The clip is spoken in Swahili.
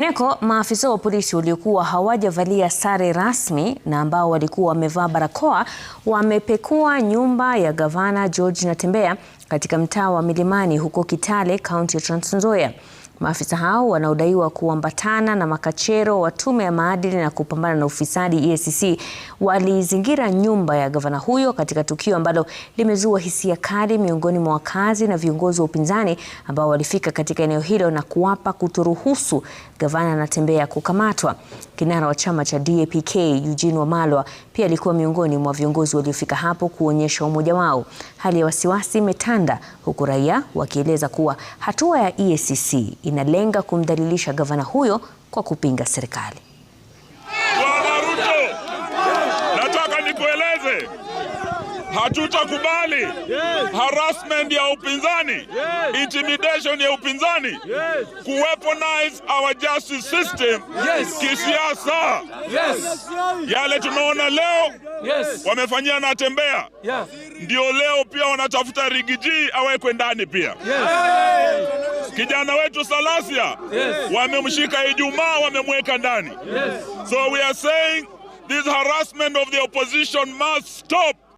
Neko maafisa wa polisi waliokuwa hawajavalia sare rasmi na ambao walikuwa wamevaa barakoa wamepekua nyumba ya gavana George Natembeya katika mtaa wa Milimani huko Kitale, kaunti ya Trans Nzoia. Maafisa hao wanaodaiwa kuambatana na makachero wa tume ya maadili na kupambana na ufisadi EACC walizingira nyumba ya gavana huyo katika tukio ambalo limezua hisia kali miongoni mwa wakazi na viongozi wa upinzani ambao walifika katika eneo hilo na kuapa kutoruhusu gavana Natembeya kukamatwa. Kinara wa chama cha DAPK Eugene Wamalwa pia alikuwa miongoni mwa viongozi waliofika hapo kuonyesha umoja wao. Hali ya wasiwasi imetanda huku raia wakieleza kuwa hatua ya EACC inalenga kumdhalilisha gavana huyo kwa kupinga serikali. Bwana Ruto, nataka nikueleze hatutakubali harassment ya upinzani, intimidation ya upinzani, weaponize our justice system kisiasa. Yale tunaona leo wamefanyia na Tembea ndio leo pia wanatafuta Rigiji awekwe ndani pia yes. Kijana wetu Salasia yes. Wamemshika Ijumaa, wamemweka ndani yes. So we are saying this harassment of the opposition must stop.